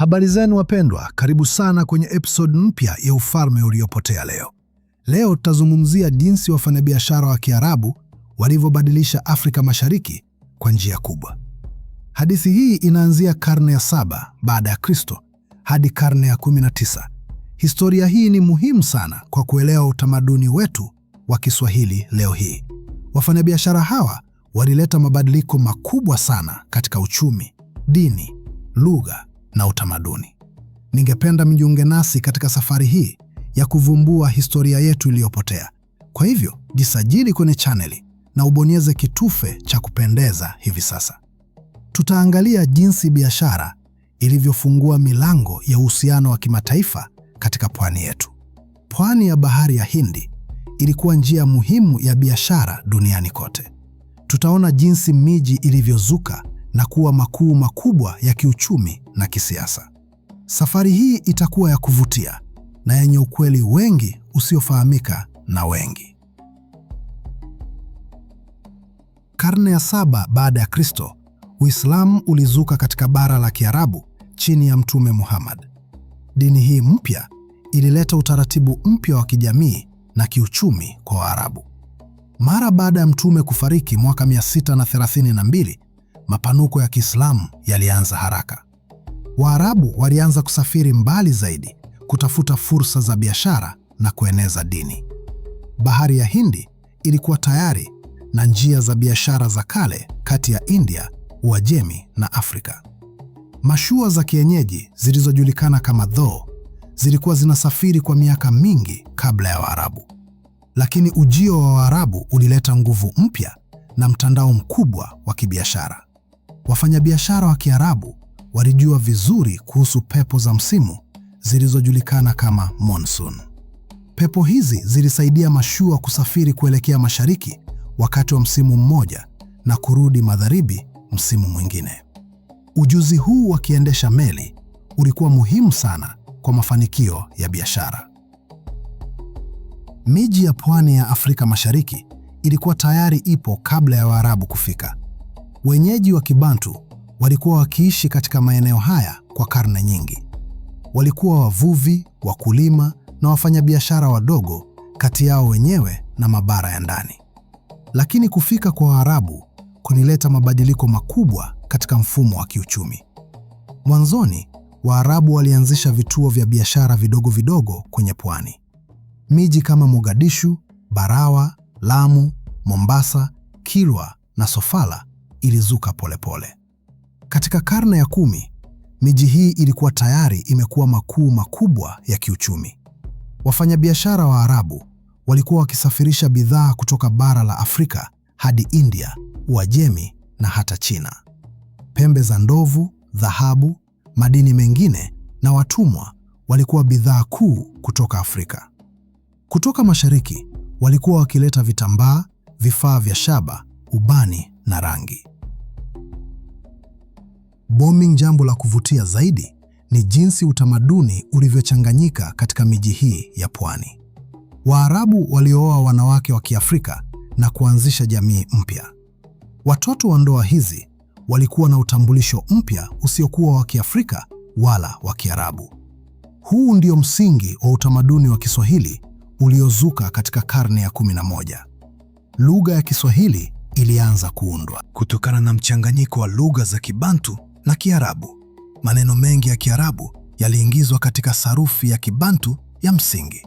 Habari zenu wapendwa, karibu sana kwenye episode mpya ya Ufalme Uliopotea. Leo leo tutazungumzia jinsi wafanyabiashara wa Kiarabu walivyobadilisha Afrika Mashariki kwa njia kubwa. Hadithi hii inaanzia karne ya saba baada ya Kristo hadi karne ya 19. Historia hii ni muhimu sana kwa kuelewa utamaduni wetu wa Kiswahili leo hii. Wafanyabiashara hawa walileta mabadiliko makubwa sana katika uchumi, dini, lugha na utamaduni. Ningependa mjiunge nasi katika safari hii ya kuvumbua historia yetu iliyopotea. Kwa hivyo, jisajili kwenye chaneli na ubonyeze kitufe cha kupendeza hivi sasa. Tutaangalia jinsi biashara ilivyofungua milango ya uhusiano wa kimataifa katika pwani yetu. Pwani ya Bahari ya Hindi ilikuwa njia muhimu ya biashara duniani kote. Tutaona jinsi miji ilivyozuka na kuwa makuu makubwa ya kiuchumi na kisiasa. Safari hii itakuwa ya kuvutia na yenye ukweli wengi usiofahamika na wengi. Karne ya saba baada ya Kristo, Uislamu ulizuka katika bara la Kiarabu chini ya Mtume Muhammad. Dini hii mpya ilileta utaratibu mpya wa kijamii na kiuchumi kwa Waarabu. Mara baada ya Mtume kufariki mwaka 632 mapanuko ya Kiislamu yalianza haraka. Waarabu walianza kusafiri mbali zaidi kutafuta fursa za biashara na kueneza dini. Bahari ya Hindi ilikuwa tayari na njia za biashara za kale kati ya India, Uajemi na Afrika. Mashua za kienyeji zilizojulikana kama dho zilikuwa zinasafiri kwa miaka mingi kabla ya Waarabu, lakini ujio wa Waarabu ulileta nguvu mpya na mtandao mkubwa wa kibiashara. Wafanyabiashara wa Kiarabu walijua vizuri kuhusu pepo za msimu zilizojulikana kama monsoon. Pepo hizi zilisaidia mashua kusafiri kuelekea mashariki wakati wa msimu mmoja na kurudi magharibi msimu mwingine. Ujuzi huu wa kiendesha meli ulikuwa muhimu sana kwa mafanikio ya biashara. Miji ya pwani ya Afrika Mashariki ilikuwa tayari ipo kabla ya Waarabu kufika. Wenyeji wa Kibantu walikuwa wakiishi katika maeneo haya kwa karne nyingi. Walikuwa wavuvi, wakulima na wafanyabiashara wadogo kati yao wenyewe na mabara ya ndani. Lakini kufika kwa Waarabu kunileta mabadiliko makubwa katika mfumo wa kiuchumi. Mwanzoni, Waarabu walianzisha vituo vya biashara vidogo vidogo kwenye pwani. Miji kama Mogadishu, Barawa, Lamu, Mombasa, Kilwa na Sofala ilizuka polepole pole. Katika karne ya kumi, miji hii ilikuwa tayari imekuwa makuu makubwa ya kiuchumi. Wafanyabiashara wa Arabu walikuwa wakisafirisha bidhaa kutoka bara la Afrika hadi India, Uajemi na hata China. Pembe za ndovu, dhahabu, madini mengine na watumwa walikuwa bidhaa kuu kutoka Afrika. Kutoka mashariki walikuwa wakileta vitambaa, vifaa vya shaba, ubani na rangi. Bombing, jambo la kuvutia zaidi ni jinsi utamaduni ulivyochanganyika katika miji hii ya pwani. Waarabu waliooa wanawake wa Kiafrika na kuanzisha jamii mpya. Watoto wa ndoa hizi walikuwa na utambulisho mpya usiokuwa wa Kiafrika wala wa Kiarabu. Huu ndio msingi wa utamaduni wa Kiswahili uliozuka katika karne ya 11. Lugha ya Kiswahili ilianza kuundwa kutokana na mchanganyiko wa lugha za Kibantu na Kiarabu. Maneno mengi ya Kiarabu yaliingizwa katika sarufi ya Kibantu ya msingi.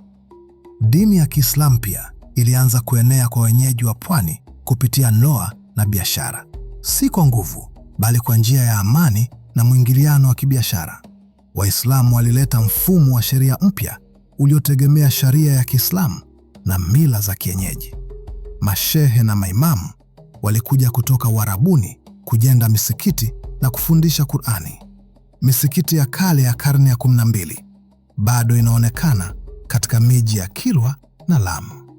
Dini ya Kiislamu pia ilianza kuenea kwa wenyeji wa pwani kupitia ndoa na biashara, si kwa nguvu, bali kwa njia ya amani na mwingiliano wa kibiashara. Waislamu walileta mfumo wa sheria mpya uliotegemea sharia ya Kiislamu na mila za kienyeji. Mashehe na maimamu walikuja kutoka Warabuni kujenga misikiti na kufundisha Qur'ani. Misikiti ya kale ya karne ya 12 bado inaonekana katika miji ya Kilwa na Lamu.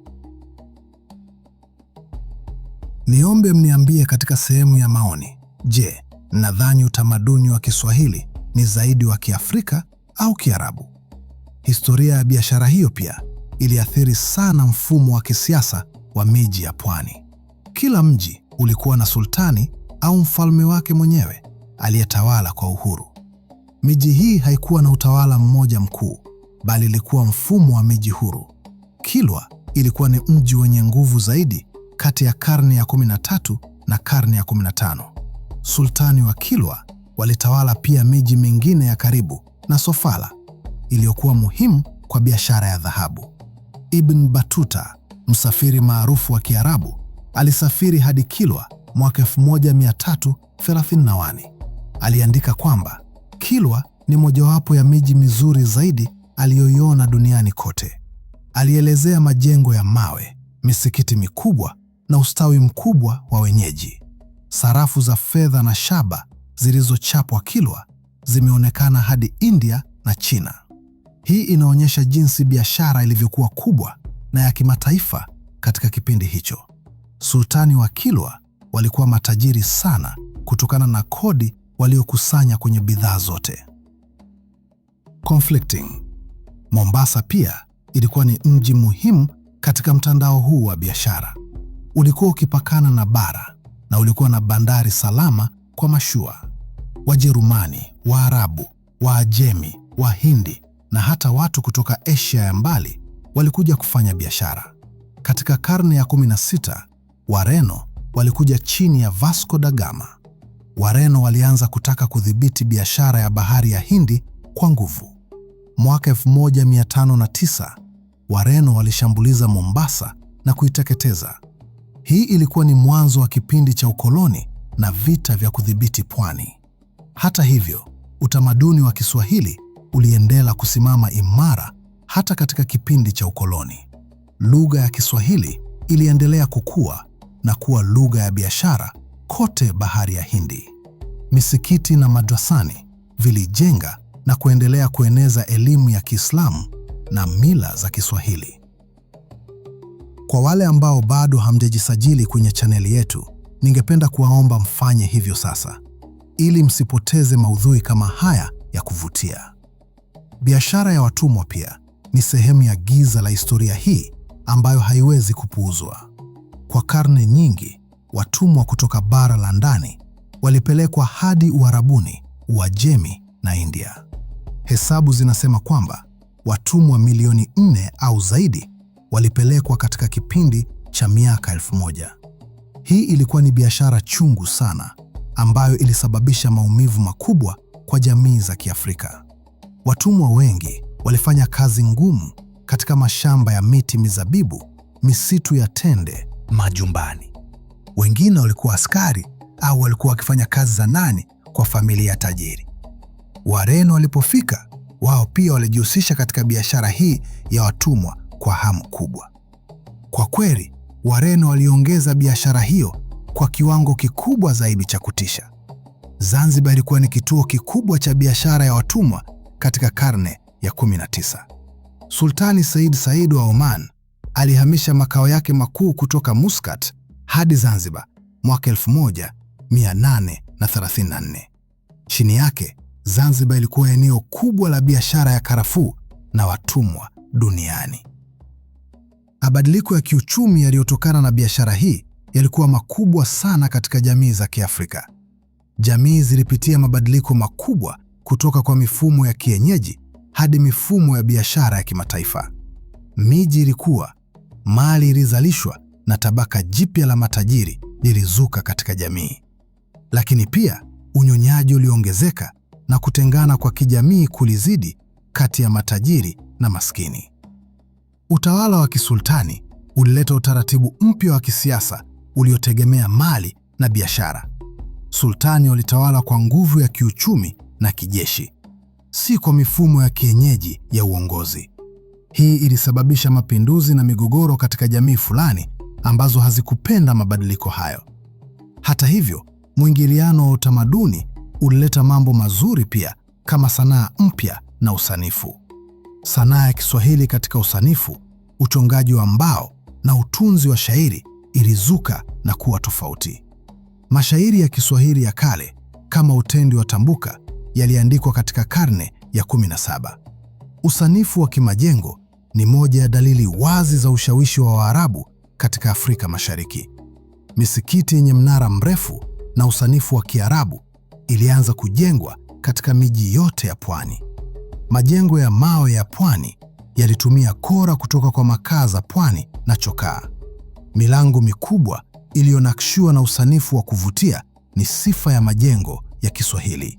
Niombe mniambie katika sehemu ya maoni, je, mnadhani utamaduni wa Kiswahili ni zaidi wa Kiafrika au Kiarabu? Historia ya biashara hiyo pia iliathiri sana mfumo wa kisiasa wa miji ya pwani. Kila mji ulikuwa na sultani au mfalme wake mwenyewe aliyetawala kwa uhuru. Miji hii haikuwa na utawala mmoja mkuu, bali ilikuwa mfumo wa miji huru. Kilwa ilikuwa ni mji wenye nguvu zaidi kati ya karne ya 13 na karne ya 15. Sultani wa Kilwa walitawala pia miji mingine ya karibu na Sofala iliyokuwa muhimu kwa biashara ya dhahabu. Ibn Batuta, msafiri maarufu wa Kiarabu, Alisafiri hadi Kilwa mwaka 1331. Aliandika kwamba Kilwa ni mojawapo ya miji mizuri zaidi aliyoiona duniani kote. Alielezea majengo ya mawe, misikiti mikubwa na ustawi mkubwa wa wenyeji. Sarafu za fedha na shaba zilizochapwa Kilwa zimeonekana hadi India na China. Hii inaonyesha jinsi biashara ilivyokuwa kubwa na ya kimataifa katika kipindi hicho sultani wa Kilwa walikuwa matajiri sana kutokana na kodi waliokusanya kwenye bidhaa zote. Conflicting. Mombasa pia ilikuwa ni mji muhimu katika mtandao huu wa biashara. Ulikuwa ukipakana na bara na ulikuwa na bandari salama kwa mashua. Wajerumani, Waarabu, Waajemi, Wahindi na hata watu kutoka Asia ya mbali walikuja kufanya biashara. Katika karne ya 16 Wareno walikuja chini ya Vasco da Gama. Wareno walianza kutaka kudhibiti biashara ya bahari ya Hindi kwa nguvu. Mwaka 1509 Wareno walishambuliza Mombasa na kuiteketeza. Hii ilikuwa ni mwanzo wa kipindi cha ukoloni na vita vya kudhibiti pwani. Hata hivyo, utamaduni wa Kiswahili uliendelea kusimama imara hata katika kipindi cha ukoloni. Lugha ya Kiswahili iliendelea kukua na kuwa lugha ya biashara kote Bahari ya Hindi. Misikiti na madrasani vilijenga na kuendelea kueneza elimu ya Kiislamu na mila za Kiswahili. Kwa wale ambao bado hamjajisajili kwenye chaneli yetu, ningependa kuwaomba mfanye hivyo sasa ili msipoteze maudhui kama haya ya kuvutia. Biashara ya watumwa pia ni sehemu ya giza la historia hii ambayo haiwezi kupuuzwa. Kwa karne nyingi, watumwa kutoka bara la ndani walipelekwa hadi Uarabuni, Uajemi na India. Hesabu zinasema kwamba watumwa milioni nne au zaidi walipelekwa katika kipindi cha miaka elfu moja. Hii ilikuwa ni biashara chungu sana ambayo ilisababisha maumivu makubwa kwa jamii za Kiafrika. Watumwa wengi walifanya kazi ngumu katika mashamba ya miti mizabibu, misitu ya tende majumbani. Wengine walikuwa askari au walikuwa wakifanya kazi za nani kwa familia ya tajiri. Wareno walipofika, wao pia walijihusisha katika biashara hii ya watumwa kwa hamu kubwa. Kwa kweli, Wareno waliongeza biashara hiyo kwa kiwango kikubwa zaidi cha kutisha. Zanzibar ilikuwa ni kituo kikubwa cha biashara ya watumwa katika karne ya 19. Sultani Said Said wa Oman alihamisha makao yake makuu kutoka Muscat hadi Zanzibar mwaka 1834. Chini yake, Zanzibar ilikuwa eneo kubwa la biashara ya karafuu na watumwa duniani. Mabadiliko ya kiuchumi yaliyotokana na biashara hii yalikuwa makubwa sana katika jamii za Kiafrika. Jamii zilipitia mabadiliko makubwa kutoka kwa mifumo ya kienyeji hadi mifumo ya biashara ya kimataifa. Miji ilikuwa mali ilizalishwa na tabaka jipya la matajiri lilizuka katika jamii. Lakini pia unyonyaji uliongezeka na kutengana kwa kijamii kulizidi kati ya matajiri na maskini. Utawala wa kisultani ulileta utaratibu mpya wa kisiasa uliotegemea mali na biashara. Sultani walitawala kwa nguvu ya kiuchumi na kijeshi, si kwa mifumo ya kienyeji ya uongozi. Hii ilisababisha mapinduzi na migogoro katika jamii fulani ambazo hazikupenda mabadiliko hayo. Hata hivyo, mwingiliano wa utamaduni ulileta mambo mazuri pia kama sanaa mpya na usanifu. Sanaa ya Kiswahili katika usanifu, uchongaji wa mbao na utunzi wa shairi ilizuka na kuwa tofauti. Mashairi ya Kiswahili ya kale kama Utendi wa Tambuka yaliandikwa katika karne ya 17. Usanifu wa kimajengo ni moja ya dalili wazi za ushawishi wa Waarabu katika Afrika Mashariki. Misikiti yenye mnara mrefu na usanifu wa Kiarabu ilianza kujengwa katika miji yote ya pwani. Majengo ya mawe ya pwani yalitumia kora kutoka kwa makaa za pwani na chokaa. Milango mikubwa iliyonakshiwa na usanifu wa kuvutia ni sifa ya majengo ya Kiswahili.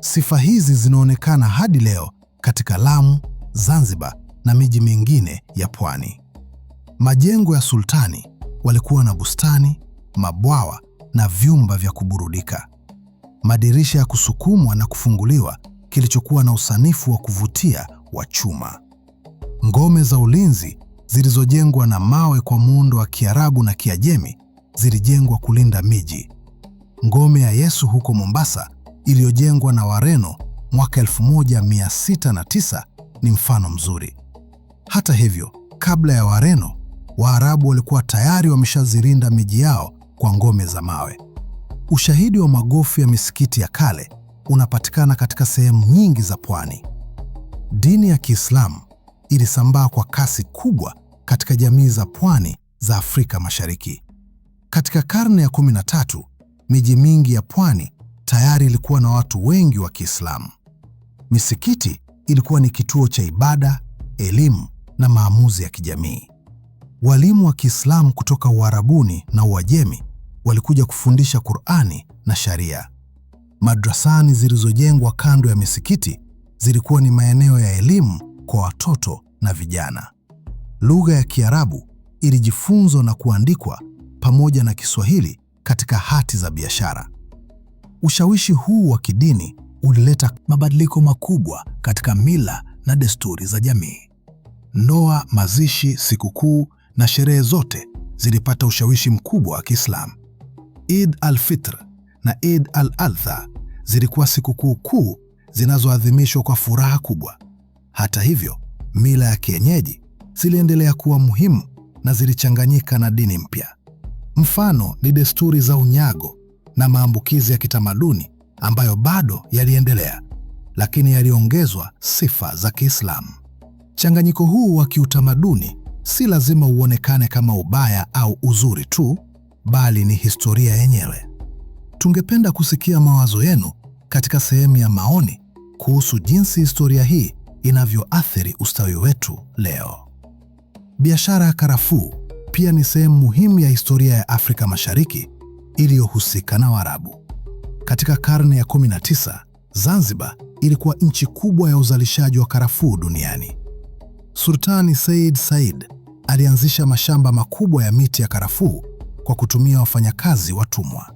Sifa hizi zinaonekana hadi leo katika Lamu, Zanzibar na miji mingine ya pwani. Majengo ya sultani walikuwa na bustani, mabwawa na vyumba vya kuburudika, madirisha ya kusukumwa na kufunguliwa, kilichokuwa na usanifu wa kuvutia wa chuma, ngome za ulinzi zilizojengwa na mawe kwa muundo wa Kiarabu na Kiajemi zilijengwa kulinda miji. Ngome ya Yesu huko Mombasa iliyojengwa na Wareno mwaka 1609 ni mfano mzuri. Hata hivyo, kabla ya Wareno, Waarabu walikuwa tayari wameshazirinda miji yao kwa ngome za mawe. Ushahidi wa magofu ya misikiti ya kale unapatikana katika sehemu nyingi za pwani. Dini ya Kiislamu ilisambaa kwa kasi kubwa katika jamii za pwani za Afrika Mashariki. Katika karne ya 13, miji mingi ya pwani tayari ilikuwa na watu wengi wa Kiislamu. Misikiti ilikuwa ni kituo cha ibada, elimu na maamuzi ya kijamii. Walimu wa Kiislamu kutoka Uarabuni na Uajemi walikuja kufundisha Qur'ani na sharia. Madrasani zilizojengwa kando ya misikiti zilikuwa ni maeneo ya elimu kwa watoto na vijana. Lugha ya Kiarabu ilijifunzwa na kuandikwa pamoja na Kiswahili katika hati za biashara. Ushawishi huu wa kidini ulileta mabadiliko makubwa katika mila na desturi za jamii ndoa, mazishi, sikukuu na sherehe zote zilipata ushawishi mkubwa wa Kiislamu. Eid al-Fitr na Eid al-Adha zilikuwa sikukuu kuu zinazoadhimishwa kwa furaha kubwa. Hata hivyo, mila ya kienyeji ziliendelea kuwa muhimu na zilichanganyika na dini mpya. Mfano ni desturi za unyago na maambukizi ya kitamaduni ambayo bado yaliendelea, lakini yaliongezwa sifa za Kiislamu. Mchanganyiko huu wa kiutamaduni si lazima uonekane kama ubaya au uzuri tu, bali ni historia yenyewe. Tungependa kusikia mawazo yenu katika sehemu ya maoni kuhusu jinsi historia hii inavyoathiri ustawi wetu leo. Biashara ya karafuu pia ni sehemu muhimu ya historia ya Afrika Mashariki iliyohusika na Waarabu. Katika karne ya 19, Zanzibar ilikuwa nchi kubwa ya uzalishaji wa karafuu duniani. Sultani Said Said alianzisha mashamba makubwa ya miti ya karafuu kwa kutumia wafanyakazi watumwa.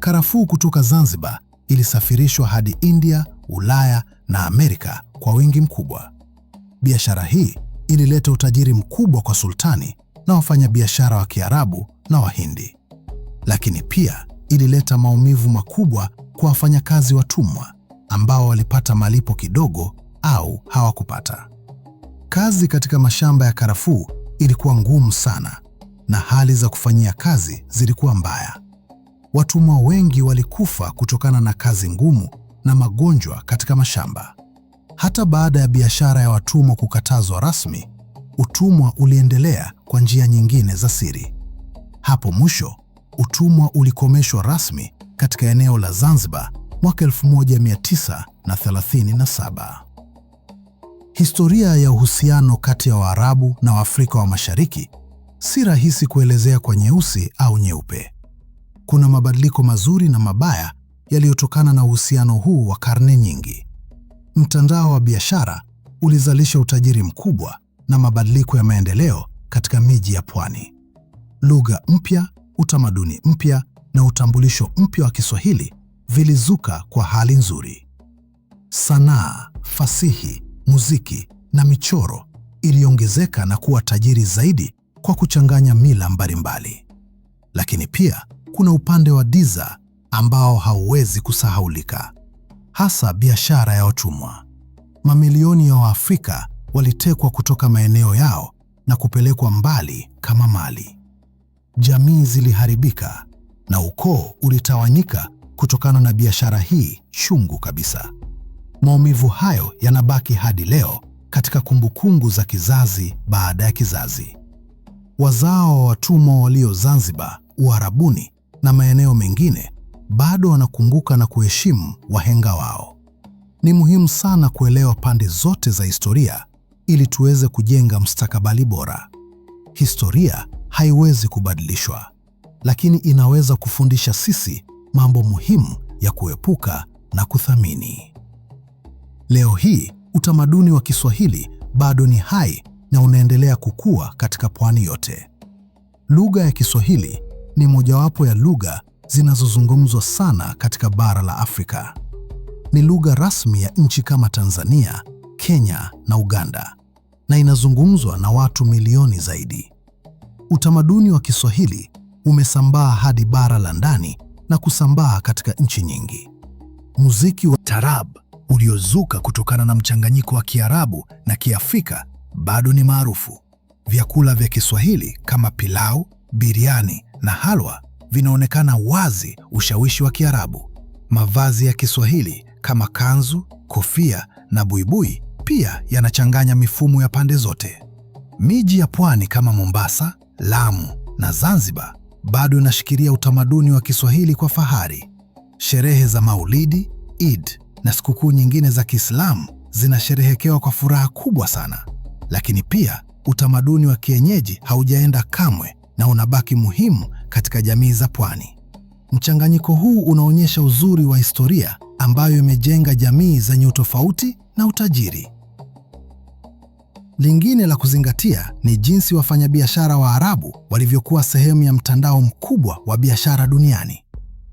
Karafuu kutoka Zanzibar ilisafirishwa hadi India, Ulaya na Amerika kwa wingi mkubwa. Biashara hii ilileta utajiri mkubwa kwa sultani na wafanyabiashara wa Kiarabu na Wahindi, lakini pia ilileta maumivu makubwa kwa wafanyakazi watumwa ambao walipata malipo kidogo au hawakupata kazi katika mashamba ya karafuu ilikuwa ngumu sana na hali za kufanyia kazi zilikuwa mbaya. Watumwa wengi walikufa kutokana na kazi ngumu na magonjwa katika mashamba. Hata baada ya biashara ya watumwa kukatazwa rasmi, utumwa uliendelea kwa njia nyingine za siri. Hapo mwisho, utumwa ulikomeshwa rasmi katika eneo la Zanzibar mwaka 1937. Historia ya uhusiano kati ya Waarabu na Waafrika wa Mashariki si rahisi kuelezea kwa nyeusi au nyeupe. Kuna mabadiliko mazuri na mabaya yaliyotokana na uhusiano huu wa karne nyingi. Mtandao wa biashara ulizalisha utajiri mkubwa na mabadiliko ya maendeleo katika miji ya pwani. Lugha mpya, utamaduni mpya na utambulisho mpya wa Kiswahili vilizuka kwa hali nzuri. Sanaa, fasihi muziki na michoro iliongezeka na kuwa tajiri zaidi kwa kuchanganya mila mbalimbali. Lakini pia kuna upande wa diza ambao hauwezi kusahaulika, hasa biashara ya watumwa. Mamilioni ya Waafrika walitekwa kutoka maeneo yao na kupelekwa mbali kama mali. Jamii ziliharibika na ukoo ulitawanyika kutokana na biashara hii chungu kabisa. Maumivu hayo yanabaki hadi leo katika kumbukumbu za kizazi baada ya kizazi. Wazao wa watumwa walio Zanzibar, Uarabuni na maeneo mengine bado wanakumbuka na kuheshimu wahenga wao. Ni muhimu sana kuelewa pande zote za historia ili tuweze kujenga mustakabali bora. Historia haiwezi kubadilishwa, lakini inaweza kufundisha sisi mambo muhimu ya kuepuka na kuthamini. Leo hii utamaduni wa Kiswahili bado ni hai na unaendelea kukua katika pwani yote. Lugha ya Kiswahili ni mojawapo ya lugha zinazozungumzwa sana katika bara la Afrika. Ni lugha rasmi ya nchi kama Tanzania, Kenya na Uganda na inazungumzwa na watu milioni zaidi. Utamaduni wa Kiswahili umesambaa hadi bara la ndani na kusambaa katika nchi nyingi. Muziki wa tarabu uliozuka kutokana na mchanganyiko wa Kiarabu na Kiafrika bado ni maarufu. Vyakula vya Kiswahili kama pilau, biriani na halwa vinaonekana wazi ushawishi wa Kiarabu. Mavazi ya Kiswahili kama kanzu, kofia na buibui pia yanachanganya mifumo ya pande zote. Miji ya pwani kama Mombasa, Lamu na Zanzibar bado inashikilia utamaduni wa Kiswahili kwa fahari. Sherehe za Maulidi, Eid na sikukuu nyingine za Kiislamu zinasherehekewa kwa furaha kubwa sana, lakini pia utamaduni wa kienyeji haujaenda kamwe na unabaki muhimu katika jamii za pwani. Mchanganyiko huu unaonyesha uzuri wa historia ambayo imejenga jamii zenye utofauti na utajiri. Lingine la kuzingatia ni jinsi wafanyabiashara wa Arabu walivyokuwa sehemu ya mtandao mkubwa wa biashara duniani.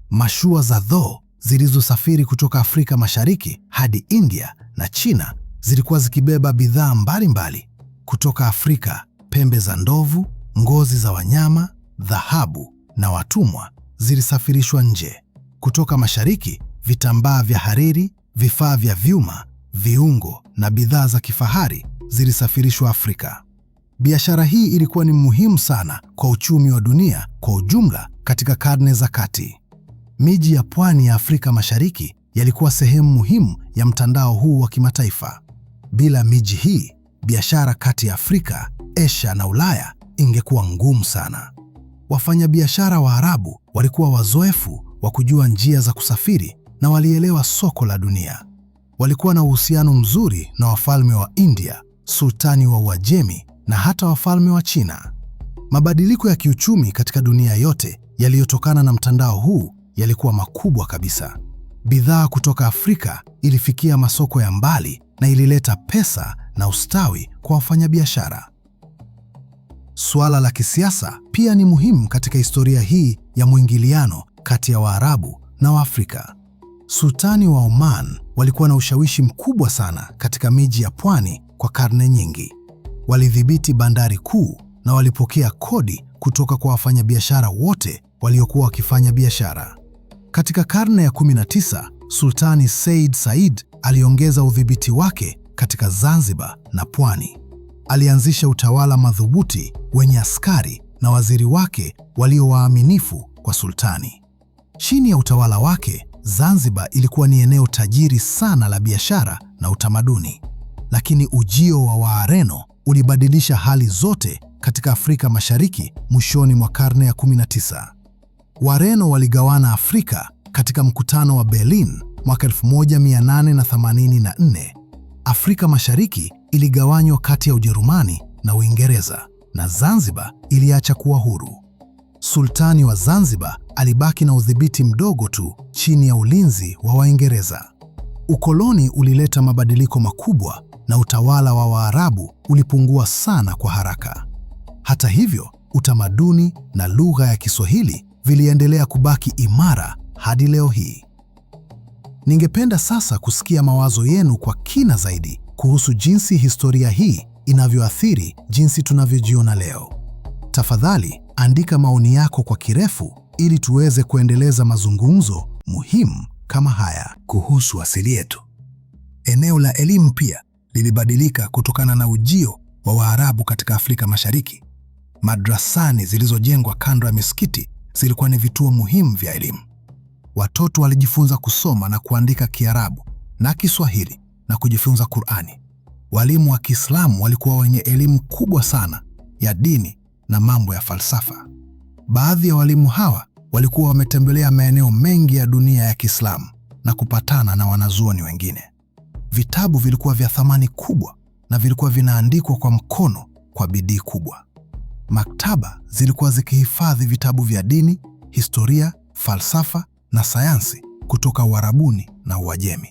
Mashua za Dhow zilizosafiri kutoka Afrika Mashariki hadi India na China zilikuwa zikibeba bidhaa mbalimbali kutoka Afrika: pembe za ndovu, ngozi za wanyama, dhahabu na watumwa zilisafirishwa nje. Kutoka Mashariki, vitambaa vya hariri, vifaa vya vyuma, viungo na bidhaa za kifahari zilisafirishwa Afrika. Biashara hii ilikuwa ni muhimu sana kwa uchumi wa dunia kwa ujumla katika karne za kati. Miji ya pwani ya Afrika Mashariki yalikuwa sehemu muhimu ya mtandao huu wa kimataifa. Bila miji hii, biashara kati ya Afrika, Asia na Ulaya ingekuwa ngumu sana. Wafanyabiashara wa Arabu walikuwa wazoefu wa kujua njia za kusafiri na walielewa soko la dunia. Walikuwa na uhusiano mzuri na wafalme wa India, sultani wa Uajemi na hata wafalme wa China. Mabadiliko ya kiuchumi katika dunia yote yaliyotokana na mtandao huu yalikuwa makubwa kabisa. Bidhaa kutoka Afrika ilifikia masoko ya mbali na ilileta pesa na ustawi kwa wafanyabiashara. Suala la kisiasa pia ni muhimu katika historia hii ya mwingiliano kati ya Waarabu na Waafrika. Sultani wa Oman walikuwa na ushawishi mkubwa sana katika miji ya pwani kwa karne nyingi. Walidhibiti bandari kuu na walipokea kodi kutoka kwa wafanyabiashara wote waliokuwa wakifanya biashara. Katika karne ya 19, Sultani Said Said aliongeza udhibiti wake katika Zanzibar na Pwani. Alianzisha utawala madhubuti wenye askari na waziri wake waliowaaminifu kwa sultani. Chini ya utawala wake, Zanzibar ilikuwa ni eneo tajiri sana la biashara na utamaduni. Lakini ujio wa Waareno ulibadilisha hali zote katika Afrika Mashariki mwishoni mwa karne ya 19. Wareno waligawana Afrika katika mkutano wa Berlin mwaka 1884. Afrika Mashariki iligawanywa kati ya Ujerumani na Uingereza na Zanzibar iliacha kuwa huru. Sultani wa Zanzibar alibaki na udhibiti mdogo tu chini ya ulinzi wa Waingereza. Ukoloni ulileta mabadiliko makubwa na utawala wa Waarabu ulipungua sana kwa haraka. Hata hivyo, utamaduni na lugha ya Kiswahili viliendelea kubaki imara hadi leo hii. Ningependa sasa kusikia mawazo yenu kwa kina zaidi kuhusu jinsi historia hii inavyoathiri jinsi tunavyojiona leo. Tafadhali andika maoni yako kwa kirefu ili tuweze kuendeleza mazungumzo muhimu kama haya kuhusu asili yetu. Eneo la elimu pia lilibadilika kutokana na ujio wa Waarabu katika Afrika Mashariki. Madrasani zilizojengwa kando ya misikiti zilikuwa ni vituo muhimu vya elimu. Watoto walijifunza kusoma na kuandika Kiarabu na Kiswahili na kujifunza Qur'ani. Walimu wa Kiislamu walikuwa wenye elimu kubwa sana ya dini na mambo ya falsafa. Baadhi ya walimu hawa walikuwa wametembelea maeneo mengi ya dunia ya Kiislamu na kupatana na wanazuoni wengine. Vitabu vilikuwa vya thamani kubwa na vilikuwa vinaandikwa kwa mkono kwa bidii kubwa maktaba zilikuwa zikihifadhi vitabu vya dini, historia, falsafa na sayansi kutoka Uarabuni na Uajemi.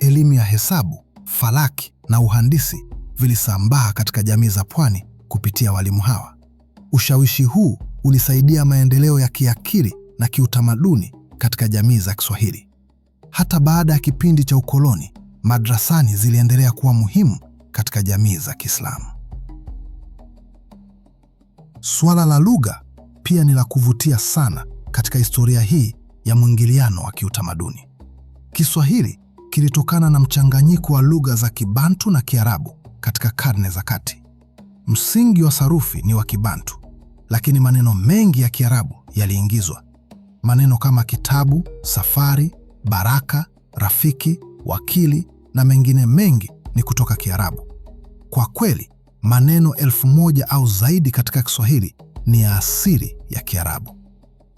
Elimu ya hesabu, falaki na uhandisi vilisambaa katika jamii za pwani kupitia walimu hawa. Ushawishi huu ulisaidia maendeleo ya kiakili na kiutamaduni katika jamii za Kiswahili. Hata baada ya kipindi cha ukoloni, madrasani ziliendelea kuwa muhimu katika jamii za Kiislamu. Suala la lugha pia ni la kuvutia sana katika historia hii ya mwingiliano wa kiutamaduni. Kiswahili kilitokana na mchanganyiko wa lugha za Kibantu na Kiarabu katika karne za kati. Msingi wa sarufi ni wa Kibantu, lakini maneno mengi ya Kiarabu yaliingizwa. Maneno kama kitabu, safari, baraka, rafiki, wakili na mengine mengi ni kutoka Kiarabu. Kwa kweli, maneno elfu moja au zaidi katika Kiswahili ni ya asili ya Kiarabu.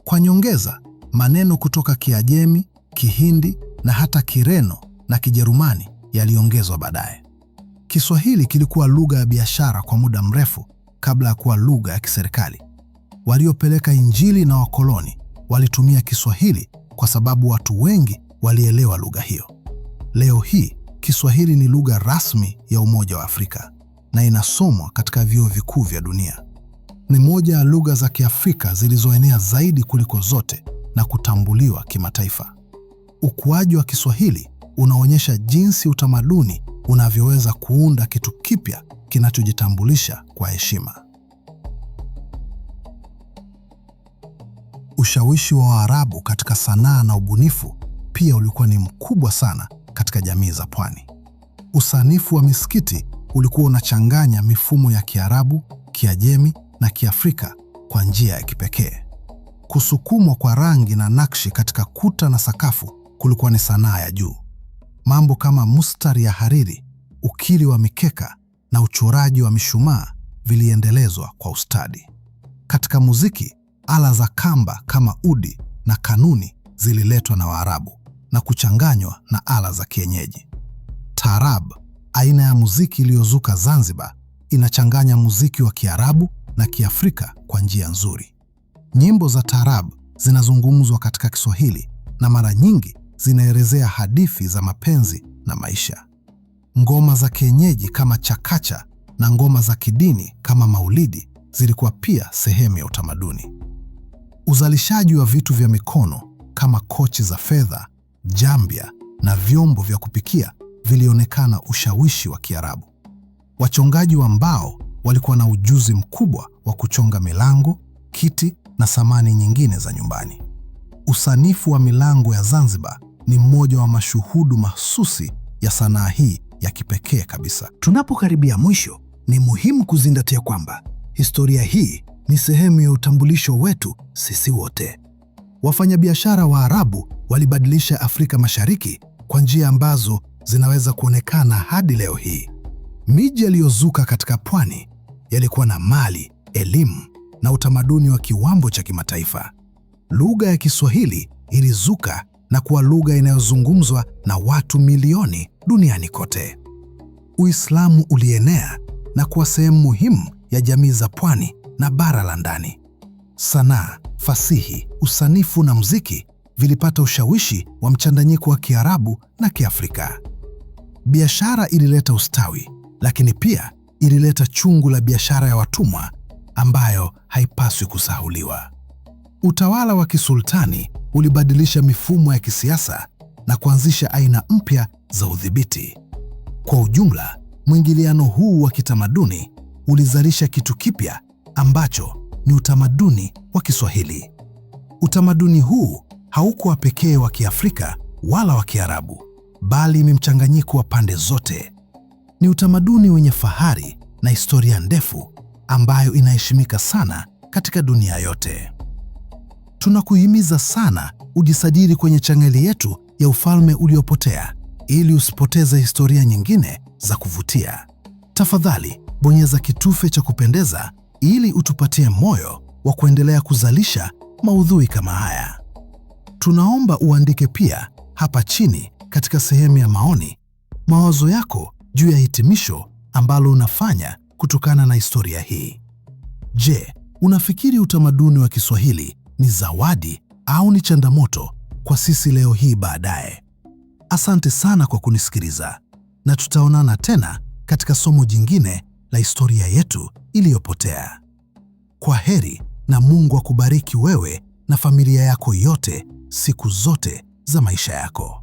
Kwa nyongeza, maneno kutoka Kiajemi, Kihindi na hata Kireno na Kijerumani yaliongezwa baadaye. Kiswahili kilikuwa lugha ya biashara kwa muda mrefu kabla ya kuwa lugha ya kiserikali. Waliopeleka Injili na wakoloni walitumia Kiswahili kwa sababu watu wengi walielewa lugha hiyo. Leo hii Kiswahili ni lugha rasmi ya Umoja wa Afrika na inasomwa katika vyuo vikuu vya dunia. Ni moja ya lugha za Kiafrika zilizoenea zaidi kuliko zote na kutambuliwa kimataifa. Ukuaji wa Kiswahili unaonyesha jinsi utamaduni unavyoweza kuunda kitu kipya kinachojitambulisha kwa heshima. Ushawishi wa Waarabu katika sanaa na ubunifu pia ulikuwa ni mkubwa sana katika jamii za pwani. Usanifu wa misikiti ulikuwa unachanganya mifumo ya Kiarabu, Kiajemi na Kiafrika kwa njia ya kipekee. Kusukumwa kwa rangi na nakshi katika kuta na sakafu kulikuwa ni sanaa ya juu. Mambo kama mustari ya hariri, ukili wa mikeka na uchoraji wa mishumaa viliendelezwa kwa ustadi. Katika muziki, ala za kamba kama udi na kanuni zililetwa na Waarabu na kuchanganywa na ala za kienyeji. Taarab aina ya muziki iliyozuka Zanzibar inachanganya muziki wa Kiarabu na Kiafrika kwa njia nzuri. Nyimbo za taarab zinazungumzwa katika Kiswahili na mara nyingi zinaelezea hadithi za mapenzi na maisha. Ngoma za kienyeji kama chakacha na ngoma za kidini kama maulidi zilikuwa pia sehemu ya utamaduni. Uzalishaji wa vitu vya mikono kama kochi za fedha, jambia na vyombo vya kupikia vilionekana ushawishi wa Kiarabu. Wachongaji wa mbao walikuwa na ujuzi mkubwa wa kuchonga milango, kiti na samani nyingine za nyumbani. Usanifu wa milango ya Zanzibar ni mmoja wa mashuhudu mahsusi ya sanaa hii ya kipekee kabisa. Tunapokaribia mwisho, ni muhimu kuzingatia kwamba historia hii ni sehemu ya utambulisho wetu sisi wote. Wafanyabiashara wa arabu walibadilisha Afrika Mashariki kwa njia ambazo zinaweza kuonekana hadi leo hii. Miji yaliyozuka katika pwani yalikuwa na mali, elimu na utamaduni wa kiwango cha kimataifa. Lugha ya Kiswahili ilizuka na kuwa lugha inayozungumzwa na watu milioni duniani kote. Uislamu ulienea na kuwa sehemu muhimu ya jamii za pwani na bara la ndani. Sanaa, fasihi, usanifu na muziki vilipata ushawishi wa mchanganyiko wa Kiarabu na Kiafrika. Biashara ilileta ustawi, lakini pia ilileta chungu la biashara ya watumwa ambayo haipaswi kusahuliwa. Utawala wa kisultani ulibadilisha mifumo ya kisiasa na kuanzisha aina mpya za udhibiti. Kwa ujumla, mwingiliano huu wa kitamaduni ulizalisha kitu kipya ambacho ni utamaduni wa Kiswahili. Utamaduni huu haukuwa pekee wa Kiafrika wala wa Kiarabu bali ni mchanganyiko wa pande zote. Ni utamaduni wenye fahari na historia ndefu ambayo inaheshimika sana katika dunia yote. Tunakuhimiza sana ujisajili kwenye chaneli yetu ya Ufalme Uliopotea ili usipoteze historia nyingine za kuvutia. Tafadhali bonyeza kitufe cha kupendeza ili utupatie moyo wa kuendelea kuzalisha maudhui kama haya. Tunaomba uandike pia hapa chini katika sehemu ya maoni mawazo yako juu ya hitimisho ambalo unafanya kutokana na historia hii. Je, unafikiri utamaduni wa Kiswahili ni zawadi au ni changamoto kwa sisi leo hii baadaye? Asante sana kwa kunisikiliza na tutaonana tena katika somo jingine la historia yetu iliyopotea. Kwa heri na Mungu akubariki wewe na familia yako yote siku zote za maisha yako.